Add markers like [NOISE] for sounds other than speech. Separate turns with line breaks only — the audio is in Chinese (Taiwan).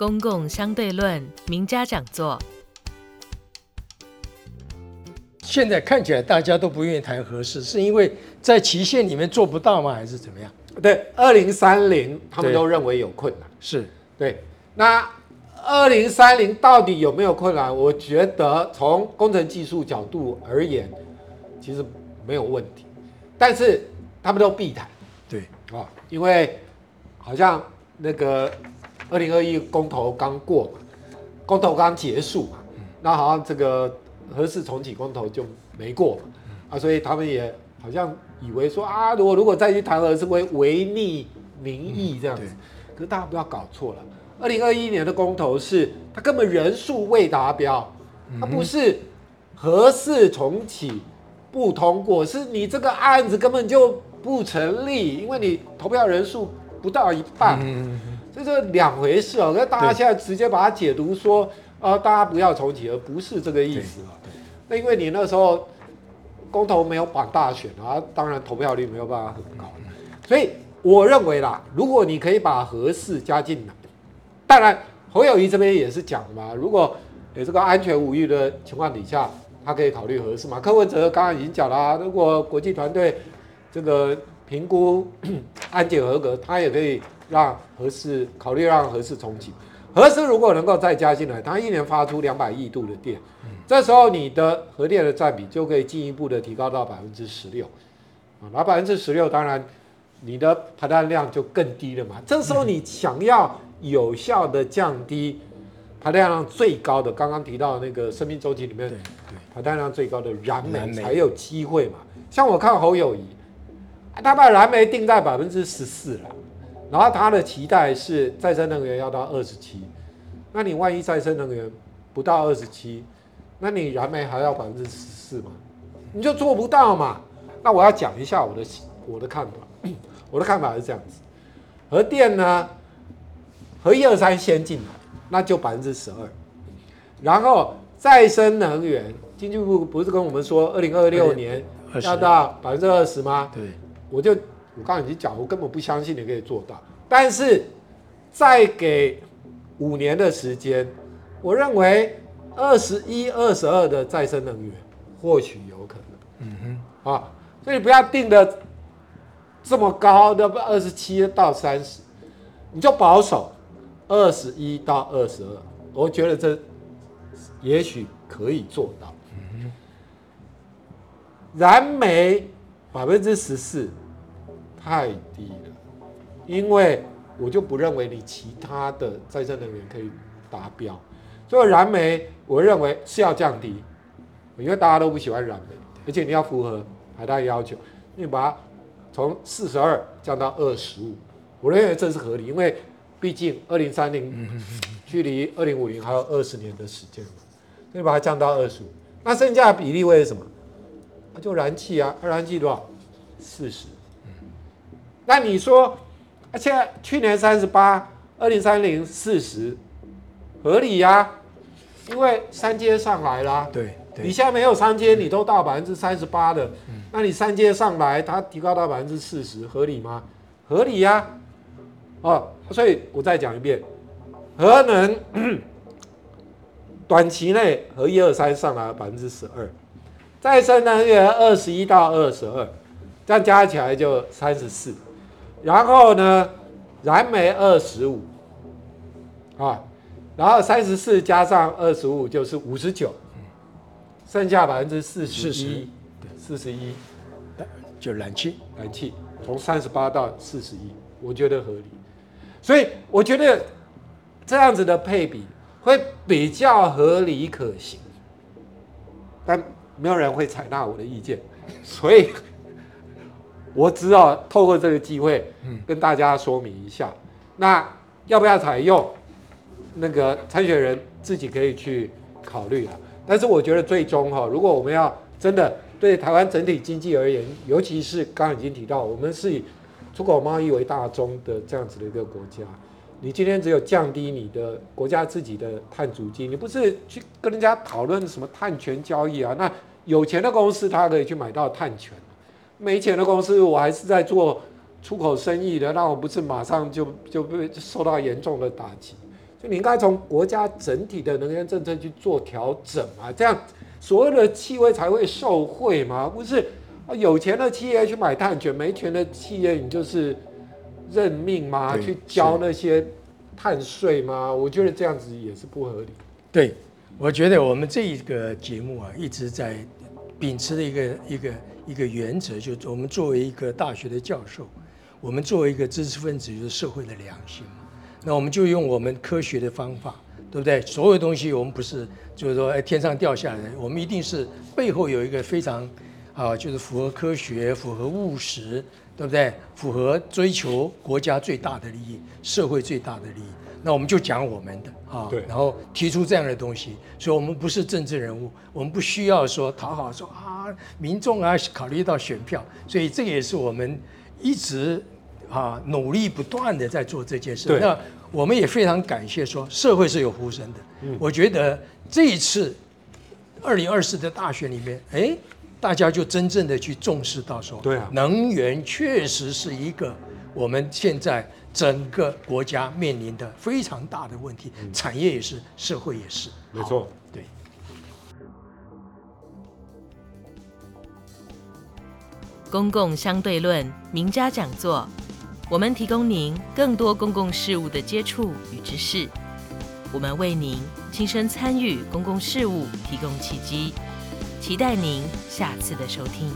公共相對論名家講座。現在看起來大家都不願意談核四，是因為在期限裡面做不到嗎？還是怎麼樣？對，二零三零他們都
認為有困難。對是
對。那二零三零到底有
沒有困難？我覺得從工程技術角度而言，其實沒有問題。但是他們都避談。
對啊、
哦，因為好像那個。二零二一公投剛過嘛，公投剛結束嘛，那、嗯、好像這個核四重啟公投就沒過嘛、嗯，啊，所以他們也好像以為說啊，如果如果再去談核四會違逆民意這樣子、嗯，可是大家不要搞錯了，二零二一年的公投是它根本人數未達標，它不是核四重啟不通過、嗯，是你這個案子根本就不成立，因為你投票人數不到一半。嗯嗯這是兩回事哦，那大家現在直接把它解讀說，呃，大家不要重啟而不是這個意思啊。那因為你那時候公投沒有綁大選啊，當然投票率沒有辦法很高、嗯，所以我認為啦，如果你可以把核四加進來，當然侯友宜這邊也是講嘛，如果有這個安全無虞的情況底下，他可以考慮核四嘛。柯文哲剛剛已經講了啊，如果國際團隊這個評估 [COUGHS] 安檢合格，他也可以。讓核四考慮，讓核四重啟。核四如果能夠再加進來，它一年發出兩百億度的電，這時候你的核電的占比就可以進一步的提高到百分之十六，啊，那百分之十六，當然你的排碳量就更低了嘛。這時候你想要有效的降低排碳量最高的，剛剛提到那個生命週期裡面對，排碳量最高的燃煤才有機會嘛。像我看侯友宜，他把燃煤定在百分之十四了。然後他的期待是再生能源要到二十七，那你萬一再生能源不到二十七，那你燃煤還要百分之十四嘛？你就做不到嘛？那我要講一下我的我的看法，我的看法是這樣子：核電呢，核一二三先進那就百分之十二，然後再生能源，經濟部不是跟我們說二零二六
年要到
百分之二十嗎？對，我就我剛才已經講，我根本不相信你可以做到。但是，再給五年的時間，我認為二十一、二十二的再生能源或許有可能。嗯
哼，
啊，所以不要定的這麼高的，的不二十七到三十，你就保守二十一到二十二，我覺得這也許可以做到。嗯哼，燃煤百分之十四太低了。因為我就不認為你其他的再生能源可以達標，所以燃煤我認為是要降低，因為大家都不喜歡燃煤，而且你要符合排碳要求，你把它從四十二降到二十五，我認為這是合理，因為畢竟二零三零距離二零五零還有二十年的時間嘛，所以你把它降到二十五，那剩下的比例會是什麼？就燃氣啊，那燃氣多少？四十。那你說？而且去年三十八，二零三零四十，合理呀、啊，因為三接上來了。對，你現在沒有三接，你都到百分之三十八了，那你三接上來，它提高到百分之四十，合理嗎？合理呀、啊，哦，所以我再講一遍，核能呵呵短期內和一二三上來了百分之十二，再生能源二十一到二十二，這樣加起來就三十四。然後呢，燃煤二十五，啊，然後三十四加上二十五就是五十九，剩下百分之四十一，四十一，就燃氣，燃氣從三十八到四十一，我覺得合理，所以我覺得這樣子的配比會比較合理可行，但沒有人會採納我的意見，所以。我只好，透過這個機會，跟大家說明一下，那要不要採用，那個參選人自己可以去考慮了，啊、但是我覺得最終哈，哦，如果我們要真的對台灣整體經濟而言，尤其是剛剛已經提到，我們是以出口貿易為大宗的這樣子的一個國家，你今天只有降低你的國家自己的碳足跡，你不是去跟人家討論什麼碳權交易啊，那有錢的公司他可以去買到碳權。沒錢的公司，我還是在做出口生意的，那我不是馬上就就被受到嚴重的打擊？就你應該從國家整體的能源政策去做調整嘛，這樣所有的企業才會受惠嘛，不是？有錢的企業去買碳權，沒錢的企業你就是認命嗎？去交那些碳稅嗎？我覺得這樣子也是不合理。
對，我覺得我們這一個節目啊，一直在。秉持的一個一個一個原則，就是我們作為一個大學的教授，我們作為一個知識分子，就是社會的良心。那我們就用我們科學的方法，對不對？所有東西我們不是就是說天上掉下來的，我們一定是背後有一個非常啊，就是符合科學、符合務實。對不對？符合追求國家最大的利益，社會最大的利益，那我們就講我們的啊。對。然後提出這樣的東西，所以我們不是政治人物，我們不需要說討好說啊民眾啊考慮到選票，所以這也是我們一直啊努力不斷地在做這件事。那我們也非常感謝說社會是有呼聲的。嗯。我覺得這一次二零二四的大選裡面，哎。大家就真正的去重視，到說，對啊，能源確實是一個我們現在整個國家面臨的非常大的問題，產業也是，社會也是，沒錯，對。公共相對論名家講座，我們提供您更多公共事務的接觸與知識，我們為您親身參與公共事務提供契機。期待您下次的收聽。